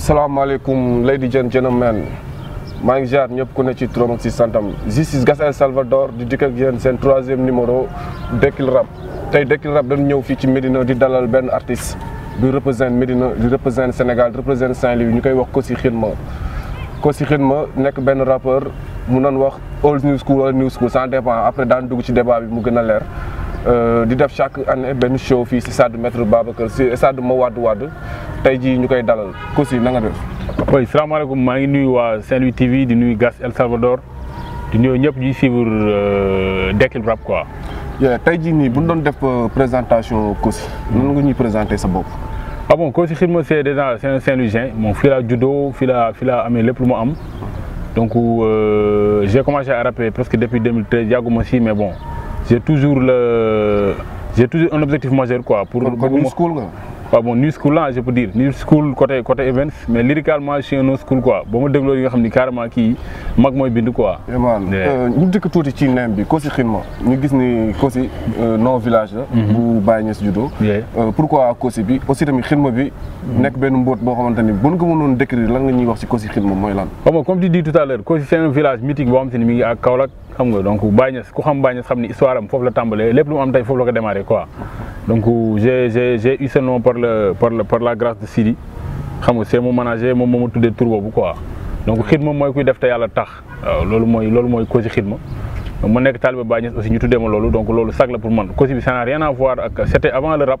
salaamaaleykum ladies and gentlemen maa ngi jaar ñëpp ku ne ci turam ak ci santam justice gas El Salvador di dikk ak yéen seen troisième numéro Dekil Rap tey Dekil rab dañu ñëw fii ci Médina di dalal benn artiste di représente Médina di représente Sénégal di représente Saint-Louis ñu koy wax ko si xiin ko si xiin ma nekk benn rappeur mu doon wax old new school wala new school ça dépend après daan dugg ci débat bi mu gën a leer euh, di def chaque année benn show fii si stade maître Babacar si stade Mawade Wade tey jii ñu koy dalal Kossy na nga def. oui salaamaaleykum maa ngi nuyu waa Saint-Louis TV di nuyu Gas El Salvador di nuyu ñëpp ñuy suivre euh, Déclin Rap quoi. tey jii nii bu ñu doon def euh, présentation Kossy. nan nga ñuy présenter sa bopp. ah bon Kossy Xirma c'est déjà Saint-Louisien moom fii laa juddoo fii laa fii laa amee lépp lu mu am. Donc euh, j'ai commencé à rapper presque depuis 2013, Yagouma aussi, mais bon, j'ai toujours j'ai toujours un objectif majeur quoi pour. Comme, school waa bon new school là je peux dire new school côté côté events mais lyricalement je suis no school quoi ba ma dégloo yi nga xam ni carrément kii mag mooy bind quoi. Euh, ñu dëkk tuuti ci neem bi Kossy Xinma ñu gis ni Kossy euh, non village la. Mhm. bu Baye Niass juddoo. Euh, pourquoi Kossy bi aussi tamit Xinma bi. nekk benn mbóot boo xamante ni bu ñu ko mënoon décrire lan nga ñuy wax si Kossy Xinma mooy lan. comme tu dis tout à l'heure Kossy c'est village mythique donc a ku xam la lu am la quoi donc j'ai j'ai eu ce nom par le par le par la grâce de Sidi c'est mon manager mom ma turbo quoi donc mom moy kuy def ta yalla tax ma aussi ñu donc la pour man ça n'a rien à voir ak c'était avant le rap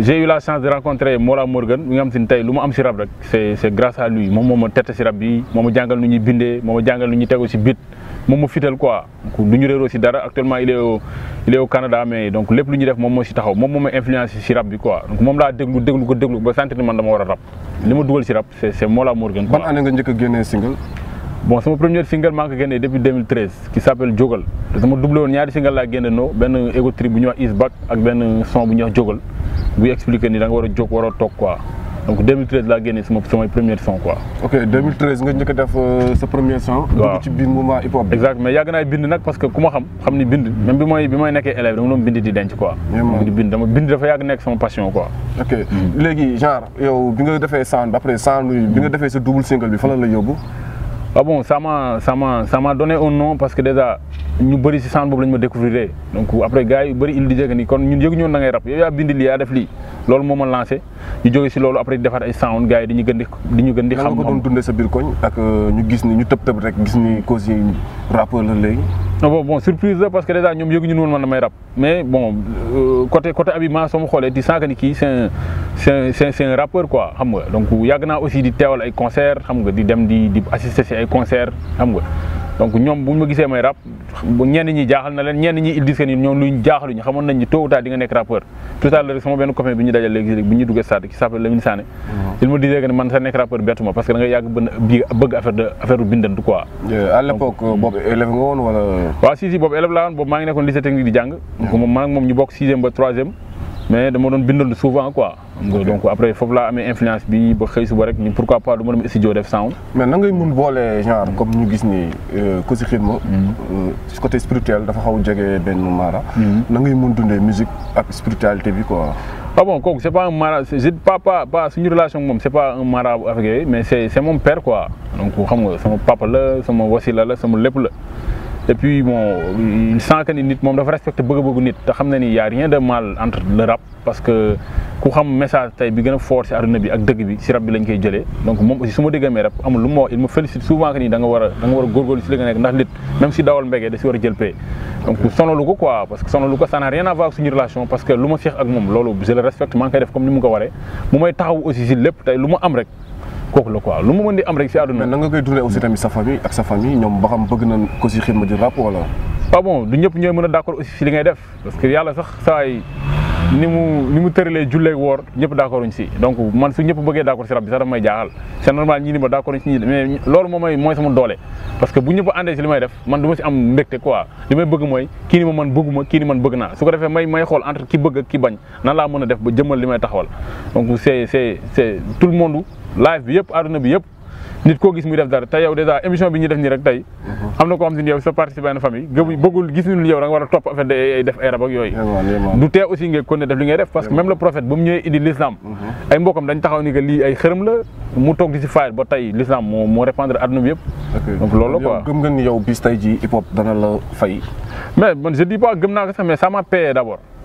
j'ai eu la chance de rencontrer Mora Morgan mi nga xam si ne lu ma am si rab rek c'est c'est à lui moom moo ma tette si rab bi moo ma jàngal nu ñuy bindee moo ma jàngal nu ñuy tegu si bit moom ma fital quoi du ñu réeroo si dara actuellement il est Canada mais donc lépp lu ñuy def moom moo si taxaw moom moo ma influencé si rab bi quoi donc moom laa déglu déglu ko déglu ba sentir man dama war a rab li ma dugal si rab c'est c'est Mora Morgan. ban année nga njëkk bon sama première single maa ngi ko depuis 2013 qui s'appelle Jogol. C'est te sama doublé ñaari single laa génnandoo benn égo trip bu ñuy wax is back ak benn son bu ñuy wax Jógal buy expliqué ni da nga war a jóg war quoi donc 2013 laa génnee sama samay première son quoi. ok 2013 nga njëkk a def ce euh, premier son. waaw dugg ci biir mouvement hip hop. exact mais yàgg naa bind nag parce que ku ma xam xam ni bind même bi may bi may nekkee élève dama doon bind di denc quoi. vraiment di bind dama bind dafa yàgg nekk sama passion quoi. ok hmm. léegi genre yow bi nga defee sound après son, bi nga defee sa double single bi fan la yóbbu. ah bon ça m'a ça m'a ça m'a donné parce que déjà ñu bëri si centre boobu lañ ma découvrir donc après gars yu bëri il disaient que ni kon ñu yëguñu woon da ngay rap yow yaa bind lii yaa def lii loolu moo ma lancé ñu joggé ci lolu après di defar ay sound gaay di ñu gënd di ñu gënd di xam ko doon dundé sa bir koñ ak euh, ñu gis ni ñu tepp tepp rek gis ni cause yi rappeur la lay non bon, bon surprise parce que déjà ñom yëgu ñu won man damay rap mais bon euh, côté côté abi ma sama xolé di sank ni ki c'est un c'est un c'est un rappeur quoi xam nga donc yag na aussi di téwal ay concert xam nga di dem di di assister ci ay concert xam nga donc ñoom bu ma gisee may rap ñenn ñi jaaxal na leen ñenn ñi ils disent que ni ñoom luñ jaaxaluñu xamoon nañ ni tôt ou tard nekk rappeur tout à l'heure sama benn copain bi ñu dajal léegi léegi ñu duggee stade ki s'appelle Lamine Sané uh-huh. il me disait que ni man sa nekk rappeur bettu parce que da nga bëgg bëgg affaire de affaire bindantu quoi boobu élève laa woon boobu maa ngi nekkoon lycée technique di jàng moom man moom ñu bokk sixième ba troisième mais dama don bindal souvent quoi. donc après fof la amé influence bi ba xey suba rek ni pourquoi pas duma ma dem studio def sound. mais na ngay mun genre comme ñu gis ni Kossy euh, Khitma. Mhm. Euh, ci côté spirituel dafa xaw jege ben mara. Mhm. na ngay mun dundee musique ak spiritualité bi quoi. ah bon kooku c'est pas un mara je pas pas pas une relation moom c'est pas un mara avec mais c'est c'est mon père quoi donc xam nga sama papa la sama là la sama lépp la et puis bon il sent que nit mom dafa respecter beug beug nit te xam na ni ya a rien de mal entre le rap parce que ku xam message tay bi gëna forcer aduna bi ak dëgg bi si rap bi lañ koy jëlé donc mom aussi suma ma rap amul lu il me félicite souvent que ni da nga wara da nga wara a góorgóorlu li nga nek ndax nit même si dawal mbégé da si wara jël pé donc sonalu ko quoi parce que sonalu ko ça n'a rien à voir avec suñu relation parce que luma ma ak mom lolu je le respecte man koy def comme ni mu ko waree mu may taxaw aussi ci lepp tay luma am rek kooku la quoi lu mu mën di am rek aussi tamit sa ak sa famille ñoom bëgg nañ ko si xidma di rap wala. ah bon du ñëpp ñooy a d'accord aussi si def parce que yàlla sax saa ni mu ni mu tëralee julleeg woor ñëpp d'accord uñ si donc man su ñëpp bëggee d'accord si rab bi sax daf may jaaxal c'est normal ñi ni ma d'accord uñ si ñi loolu moom mooy mooy sama doole parce que bu ñëpp àndee si li may def man du ma si am mbégte quoi li may bëgg mooy kii ni ma man kii ni man bëgg naa su ko defee may may xool entre ki bëgg ak ki bañ nan laa mën a def ba jëmmal li may taxawal donc c'est c'est c'est tout le monde live bi yëpp àdduna bi yëpp nit koo gis muy def dara te yow dèjà émission bi ñuy def nii rek tey mhm. am na koo xam si ne yow sa participé benn famille gëmu gis ñu yow da nga war a topp affaire day def ay rab yooyu du tee aussi nga kon def li ngay def parce que même le prophète ba mu ñëwee indi l'islam mhm. ay mbokam dañ taxaw ni que lii ay xërëm la mu toog di si faayal ba tey l'islam moo moo répandre bi yëpp loolu la quoi gëm nga ni yow bis tey ji hip hop dana la fay mais man je dis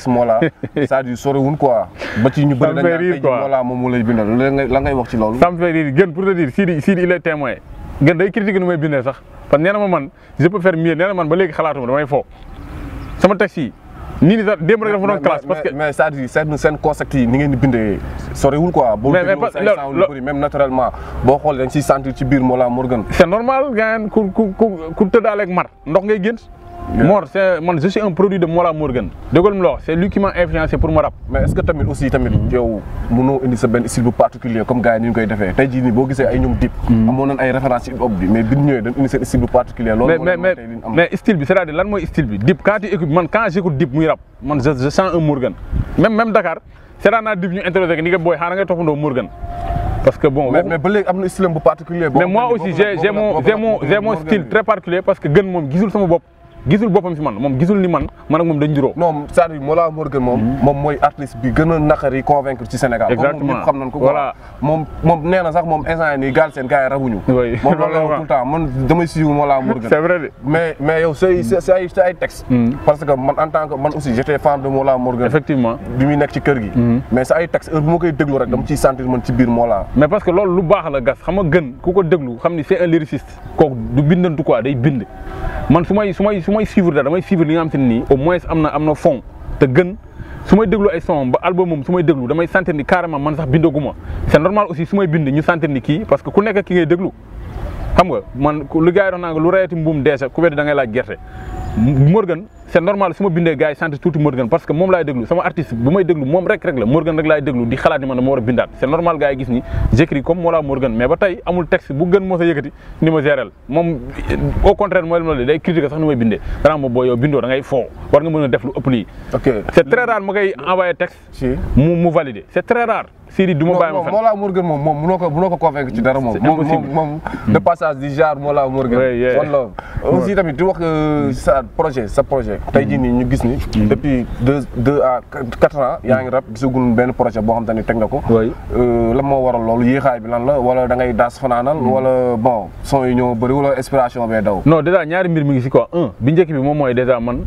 ex Mollah c'est-à-dire soriwul quoi. ba ci ñu bëri dañ naan tey wax ci loolu. ça me fait gën pour te dire Sidi Sidi il est témoin gën day critique nu may bindee sax parce que nee na ma man je peux faire mieux nee man ba léegi xalaatuma damay fo sama taxi yi nii nii sax démb rek dafa doon classe. mais seen seen concept yi ni ngeen di bindee soriwul quoi. boo naturellement boo xoolee dañ siy sentir ci biir Mollah Morgun. c'est normal gars ku ku ku tëddaaleeg mar ndox ngay gént Mor c'est est man je suis un produit de Mollah Morgun déggoon mu la wax c' est lui qui m'a influencé pour mon rap. mais est ce que tamit aussi tamit. yow mënoo indi sa benn style bu particulier comme gars yi ni ñu koy defee tey jii nii boo gisee ay ñoom dip. Hmm. amoon nañ ay références ci bopp bi mais bi ñu ñëwee dañ indi seen style particulier. loolu mais mais mais style bi c' est à dire lan mooy style bi dip quand tu écoutes man quand j' écoute dip rap man je je sens un Morgan. même même Dakar seetaan naa dip ñu introduire ni nga booy xaaral nga toppandoo Morgan. parce que bon mais ba léegi am na style bu particulier. mais moi aussi j'ai j'ai mon j'ai mon style très particulier parce que gën moom gisul sama bopp gisul bopam fi man mom gisul ni man man ak mom dañ juro non c'est-à-dire Mollah Morgun mom hmm. moom mooy artiste bi gëna naxari convaincre ci Sénégal exactement xam nañ ko voilà mom mom néna sax mom instant ni gal sen gars yi rabuñu moom loolu la tout le temps man damay suivre mola morgan c'est vrai mais mais yow c'est say say ay texte hmm. parce que man en tant que man aussi j'étais fan de mola morgan. effectivement bi muy nekk ci kër gi hmm. mais ça ay texte heure bu ma koy déglu rek dama ci sentir man ci biir mola mais parce que loolu lu baax la gas xam nga gën ku ko déglu xam ni c'est un lyriciste kooku du bindantu quoi day bind man fumay fumay su may suivre da damay suivre li nga xam te ne nii au moins am na am na fond te gën su may déglu ay son ba album moom su may déglu damay sentir ni carrément man sax bindaguma c'est normal aussi su may bind ñu sentir ni kii parce que ku nekk ki ngay déglu xam nga man lu gars yi naa nga lu rayati mbuum déjà ku wedd da ngay laa gerte Morgan c'est normal si je gars sont Morgan parce que moi je suis un artiste un artiste je suis rek Morgan rek di ni man c'est normal gars ni j'écris comme moi, Morgan mais ba amul texte bu gën mo sa yëkëti ni ma au contraire moy lay sax ni may yow bindo da ngay war nga def c'est très rare mo envoyé texte un mu valider c'est très rare Siri duma baye ma fa Mola Morgan mom mom munoko munoko convaincre ci dara mom mom mom de passage du jar Mola Morgan wala aussi tamit di wax euh, sa projet sa projet tay di ni ñu gis ni mm. depuis 2 2 à 4 ans ya nga rap gisugul ben projet bo xamanteni tek nako euh la mo waral lolu yexay bi lan la wala da ngay das fananal mm. wala bon son yu ñoo bari wala inspiration be daw non déjà ñaari mbir mi ngi ci quoi un bi ñeek bi mom moy déjà man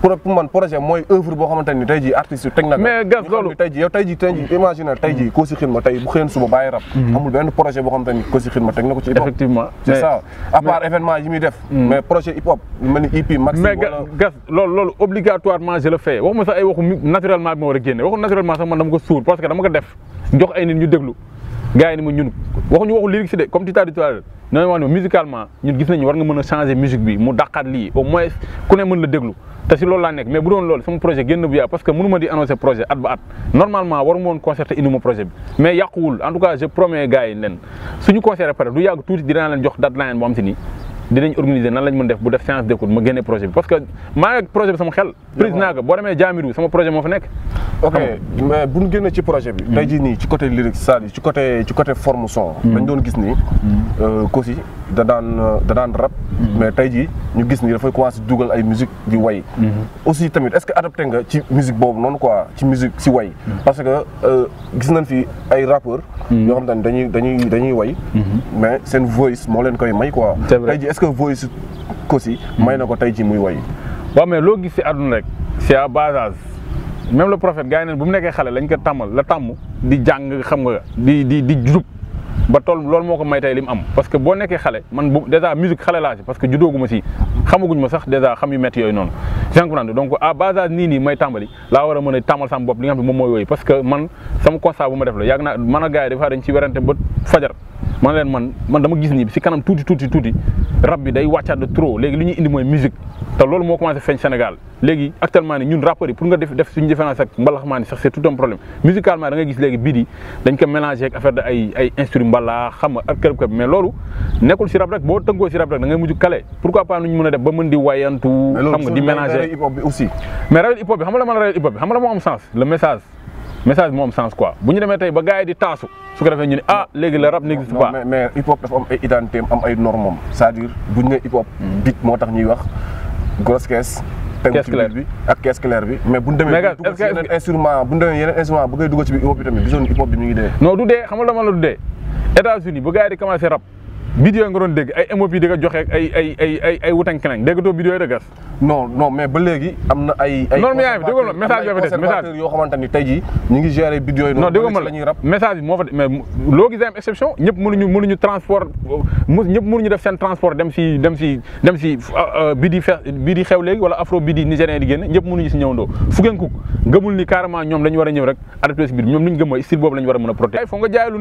pour pour man projet mooy œuvre boo xamante ni tey jii artistes yi teg na. mais gas loolu tey jii yow tey jii tey jii imagine tey jii Kossy Khitma bu xëyoon suba bàyyi rap. Mm-hmm. amul benn projet boo xamante ni Kossy Khitma teg na ko ci hip hop. effectivement c'est ça à part événement yi def. Mm-hmm. mais projet hip hop mel ni EP maxi. mais gas loolu obligatoirement je le fais waxuma sax ay waxu naturellement bi ma war a génne waxu naturellement sax man dama ko suur parce que dama ko def jox ay nit ñu déglu. gars yi ni ma ñun waxuñu waxu lyrique si de comme tu t'as noonu wax musicalement ñun gis nañu war nga mën changer musique bi mu dàqaat lii au moins ku ne mën la déglu te si loolu laa nekk mais bu doon loolu sama projet génn bu yaa parce que mënu ma di annoncer projet at ba at normalement waru ma woon concerté indi projet bi mais yàquwul en tout cas je promets gars yi leen suñu concerté pare du yàgg tuuti dinaa leen jox date line bu am si ok mais bu ñu génnee ci projet bi. tey jii nii ci côté lyrique cest à ci côté ci côté forme son. Hmm. dañ doon gis ni. Euh, Kossy da daan da daan hmm. mais tey jii ñu gis ni dafay commencé dugal ay musique di way. Hmm. aussi tamit est-ce que adapté nga ci musique boobu noonu quoi ci musique si way. parce que euh, gis nañ fi ay rappeurs. yoo xam ne dañuy dañuy dañuy way. mais seen voice moo leen koy may quoi. c'est vrai tey est-ce que voice Kossy may na ko tey jii muy way. waaw mais loo gis fi àdduna rek c'est à base même la prophète gars yi neen bu mu nekkee xale lañ ko tàmmal la tàmm di jàng xam nga di di di jub ba tool loolu moo ko may tey li am parce que boo nekkee xale man bu déjà musique xale laa parce que juddoogu ma si xamaguñ ma sax déjà xam yu métti yooyu noonu jànkurante donc à base à nii nii may tàmbali laa war a mën a tàmbal sama bopp moom mooy yooyu que man sama constat bu ma def la yàgg a gars yi dafaa dañ ci werante ba fajar man leen man man dama gis ni si kanam tuuti tuuti tuuti rab bi day wàccaat de trop léegi li ñu indi mooy musique te loolu moo commencé feeñ Sénégal légui actuellement ni ñun rappeurs pour nga def def suñu différence ak mbalaxmaan yi sax c'est tout un problème musicalement da nga gis légui biit yi dañ ko mélanger ak affaire de ay ay instrument mbala xam nga ak kërëb kërëb mais lolu nekkul ci rap rek bo tënkoo ci rap rek da ngay muju kale pourquoi pas nuñ mën a def ba mëndi wayantu xam nga di mélangé hip hop bi aussi mais rap hip hop bi xam nga la man rap hip hop bi xam nga la moo am sens le message message mo am sens quoi bu ñu demee tey ba gaay di tassu su ko defee ñu ne ah léegi le rap n'existe pas. mais mais hip hop dafa am ay identité am ay normes c'est-à-dire buñ né hip hop. Mm-hmm. bit motax ñuy wax grosse caisse caisse bi ak caisse bi mais bu ñu demee dugal instrument bu ñu instrument bu koy dugal ci hip hop bi tamit gisoon hip hop bi ñu ngi dee non du dee xam nga dama du dee États-Unis bu gars di commencé rap vidéo nga doon dégg ay émo bi ay ay ay ay ay wutan keneen déggatoo mais ba léegi am na ay. ay non yoo xamante ni tey jii ñu ngi gérer vidéo yi. non déggoo ma la message bi moo fa mais loo gisee am exception ñëpp mënuñu ñu transport ñëpp mënuñu def seen transport dem si dem si dem si euh, euh, bii di fe bii di xew léegi wala afro bii di nigérien di génn ñëpp mënuñu si ñëwandoo fukkeen kuk gëmul ni carrément ñoom dañu war a ñëw rek adapté si biir ñoom li ñu gëm mooy style boobu lañu war a mën a protéger. foo nga jaay lu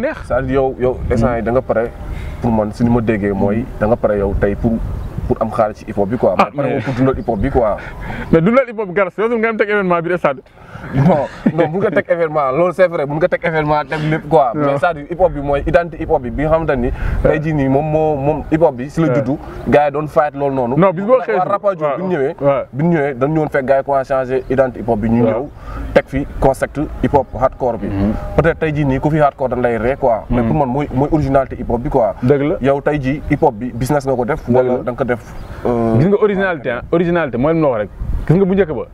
pour man suñu ma déggee mooy da nga pare yow tey pour pour am xaalis ci hip hop bi quoi. ah mais pour dundal hip hop bi quoi. mais dundal hip hop bi Gallas yow nga dem teg événement bi de stade. non non mun nga teg événement loolu c' est vrai mun nga teg événement teg lépp quoi. mais c'est-à-dire hip hop bi mooy identité hip hop bi bi nga xamante ni. tey jii nii moom moo moom hip hop bi si la juddu. gars yi doon fight loolu noonu. non bis boo xëyee waaw Rapaju bi ñu ñëwee. waaw bi ñu ñëwee dañu ñëwoon fekk gars yi quoi changé identité hip hop bi. ñu ñëw teg fi concept hip hop hardcore bi. Mhm. peut être tey jii nii ku fi hardcore dañ lay ree quoi. mais mhm. pour man mooy mooy originalité hip hop bi quoi. dëgg la yow tey jii hip hop bi business nga ko def. wala da nga ko def gis nga originalité ah originalité mooy li mu wax rek gis nga bu njëkk ba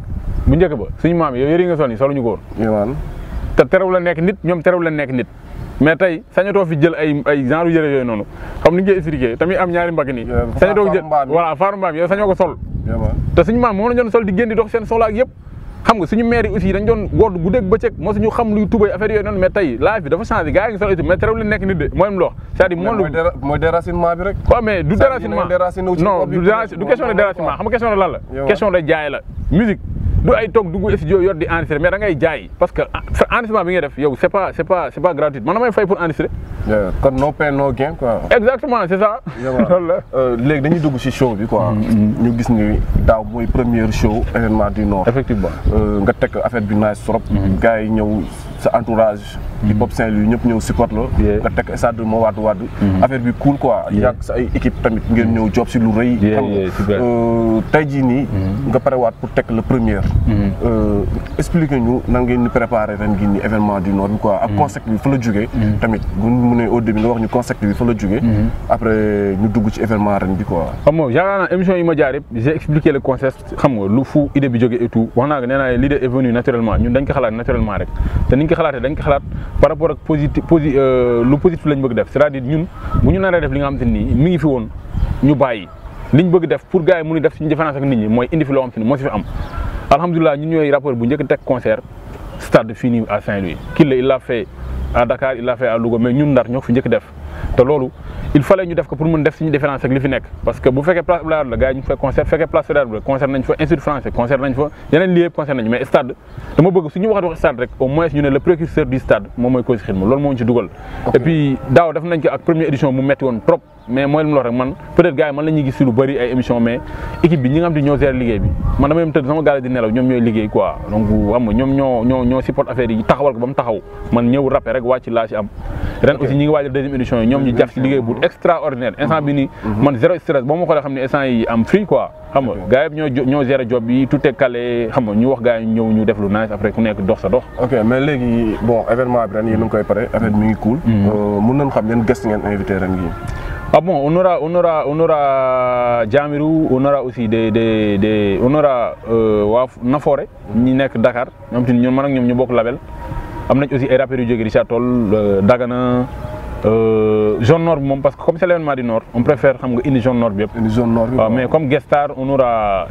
bu njëkk ba suñu maam yow yëri nga sol ni soluñu ko woon te terew la nekk nit ñoom terew la nekk nit mais tey sañatoo fi jël ay ay genre yëre yooyu noonu xam ni nga expliqué tamit am ñaari mbagg nii sañatoo jël voilà faaru mbaam yow sañoo ko sol te suñu maam moom la ñoon sol di génn di dox seen soxla ak yëpp xam nga suñu maire yi dañ doon wodd guddeeg bëccëg moo suñu xam luy tubay affaire yooyu noonu mais tey dafa changé gars yi ngi sol itam mais nekk nit de mooy loox c'est-à-dire moom mooy déracinement bi rek waaw mais du déracinement non du question de déracinement xam nga question de lan la question de jaay la musique du ay toog dugg studio yor di enregistré mais da jaay parce que enregistrement bi ngay def yow c' est pas c' est pas c' est pas gratuit man damay fay pour enregistrer. kon no pain no gain exactement c' ça. la euh, léegi dañuy dugg si show bi quoi. Mm, mm. ñu gis ni daaw mooy première show événement du Nord. effectivement euh, nga teg affaire bi nice trop. Mm-hmm. gars yi ñëw. sa entourage hip hop Saint-Louis ñëpp ñëw support la nga teg stade bi moo waadu waadu affaire bi cool quoi yàgg sa ay équipe tamit ngeen mm-hmm. ñëw job si lu rëy xam nga euh, tey jii nii mm-hmm. nga pour teg le premier mm-hmm. euh, expliqué ñu nan ngeen ni préparé ren gi ni événement du Nord bi quoi ak concept bi fa la jógee tamit bu mu ne au début nga wax ñu concept bi fa la jógee après ñu dugg ci événement ren bi quoi xam nga yaakaar émission yi ma jaar j'ai expliqué le concept xam nga lu fu idée bi jógee et tout wax naa ko nee naa l'idée est venue naturellement ñun dañ ko xalaat naturellement rek ko xalaatee dañ ko xalaat par rapport ak positif posi euh, lu positif lañ bëgg def c'est-à-dire ñun bu ñu naree def li nga xamante ni mi ngi fi woon ñu bàyyi liñ bëgg def pour gars yi mënu def suñu différence ak nit ñi mooy indi fi loo xamante ni moo si fi am alhamdulilah ñun ñooy rapport bu njëkk teg concert stade fii nii à Saint-Louis kii il l'a fait à Dakar il l'a fait à Louga mais ñun ndar ñoo fi njëkk def te loolu il fallait ñu def ko pour mëne def suñu différence ak li fi nekk parce que bu féké place Abdoulaye Wade la gars ñu fait concert féké place Abdoulaye Wade la concert nañ fa institut français concert nañ fa yeneen lieu yëpp concert nañ mais stade dama bëgg suñu waxat wax stade rek au moins ñu né le précurseur du stade moom mooy Kossy Khidma loolu moo ñu ci dugal et puis daaw def nañ ko ak première édition mu metti woon trop mais mooy lu mu wax rek man peut être gars yi man la ñuy gis si lu bëri ay émission mais équipe bi ñi nga xam te ñoo gérer liggéey bi man dama yem tëdd sama gars di nelaw ñoom ñooy liggéey quoi donc xam nga ñoom ñoo ñoo ñoo support affaire yi taxawal ko ba mu taxaw man ñëw rappé rek wàcc laa si am ñëw ñu def lu nice après nekk dox sa dox ok mais léegi bon événement bi ren yéen a ngi koy pare affaire mi ngi cool mën mhm. euh, nañ xam yan guest ngeen invité ren Ah bon, on aura, on aura, on aura Djamirou, on aura aussi des, des, des on aura euh, nekk Dakar, ñoom tamit ñoom man ak ñoom ñu bokk label. Am nañ aussi ay rappeurs yu jógee Richard Toll, euh, Dagana. Euh, zone nord parce que comme c'est l'événement du nord on préfère xam nga zone nord bi mais comme guest star on aura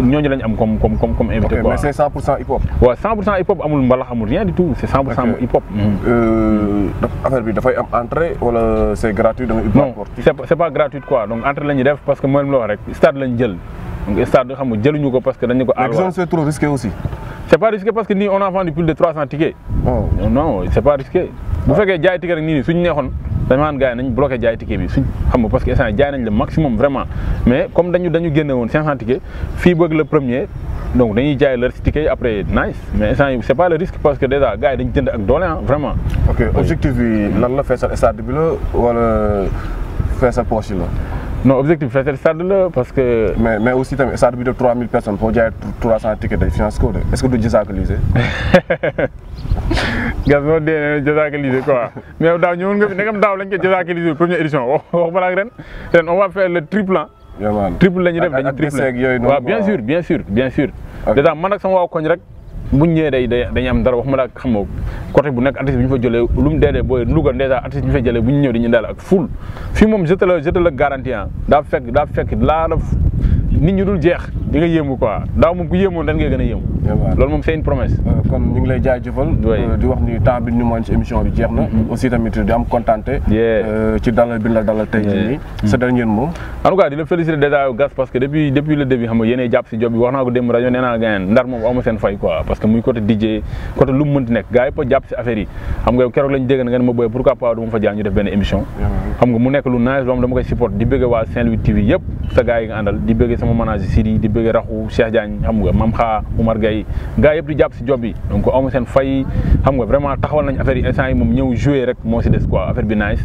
ñooñu lañ am comme comme comme invité. mais c'est 100 hip hop. Ouais, 100 hip hop amul rien du tout c'est 100 hip hop. affaire bi fay am entrée wala c'est gratuit non c'est pas pas gratuit quoi donc entrée la parce que moi la rek stade lañ jël donc stade xam nga jëluñu ko parce que dañu ko. mais c'est trop risqué aussi. c'est pas risqué parce que ni on a vendu plus de 300 tickets. Oh. non non c'est pas risqué. bu fekkee jaay ticket rek nii nii suñu neexoon dañu naan gars yi nañ bloqué jaay ticket bi suñ xam nga parce que instant jaay nañ le maximum vraiment mais comme dañu dañu génne woon 500 tickets fii bëgg le premier donc dañuy jaay leur si ticket yi après nice mais instant yi c' est pas le risque parce que déjà gars yi dañu ak doole ah vraiment. ok objectif bi lan la feesal stade bi la wala feesal poche yi la. non objectif fetel stade la parce que. mais mais aussi tamit stade de 3000 personnes foo dire 300 tickets de finance code, est ce que du jësaakalisé. gas moo dee nee na jësaakalisé quoi mais daaw ñëwoon nga fi ndegam daaw lañ koy jësaakalisé première édition wax wax balaa ren ren on va faire le triple ah. triple lañu def dañu triple waaw bien sûr bien sûr bien sûr. déjà man ak sama waa koñ rek. buñ ñëwee day day dañuy am dara wax ma la xam nga côté bu nekk artiste bi ñu fa jëlee lu mu deedee booy Louga dèjà artiste bi ñu fa jëlee bu ñu ñëw dañuy ak ful fii moom je te la je te la garantie ah, daa fekk daa fekk laa la nit ñu dul jeex di nga yéemu quoi daaw moom ku yéemoon ren ngay gën a yéemu loolu mom seen promesse euh, comme ñu ngi lay jaajëfal euh, di wax ni temps bi ñu moon ci émission bi jeex mm-hmm. aussi tamit di am contenté euh, ci dalal bi la dalal tay ci ni sa dernier mot en tout cas di la féliciter déjà au gas parce que depuis depuis le début xam nga yene japp ci job bi wax na ko dem radio néna naa gayeen ndar mom amu seen fay quoi parce que muy côté DJ côté lu mu mënti nekk gars yi pa japp ci affaire yi xam nga yow lañu lañ dégg nga ma boy pourquoi pas du ma fa jaay ñu def ben émission xam nga mu nek lu nice loo dama koy support di bëgg wa Saint Louis TV yépp sa gaay nga andal di bëgg sama manager Siri di bëgg Raxu Cheikh Diagne xam nga Mam Kha Oumar Gaye yi gars yëpp di jàpp si job yi donc amu seen fay xam nga vraiment taxawal nañ affaire yi instant moom ñëw jouer rek moo si des quoi affaire bi nice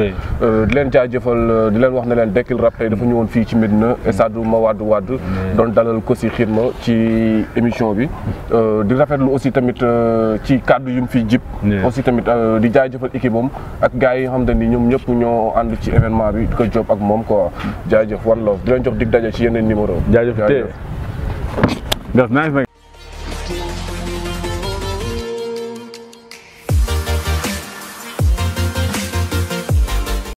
Euh, di leen jaajëfal euh, di leen wax na leen Dekkil Rap tey dafa woon fii ci Médina ma Mawade Wade doon dalal ko si ma ci émission bi euh, di rafetlu aussi tamit ci kàddu yu mu fiy jib aussi tamit di jaajëfal équipe am ak gars yi nga xam ni ñoom ñëpp ñoo ànd ci événement bi di ko job ak moom quoi jaajëf one love di leen jox dig daje ci yeneen numéro jaajëf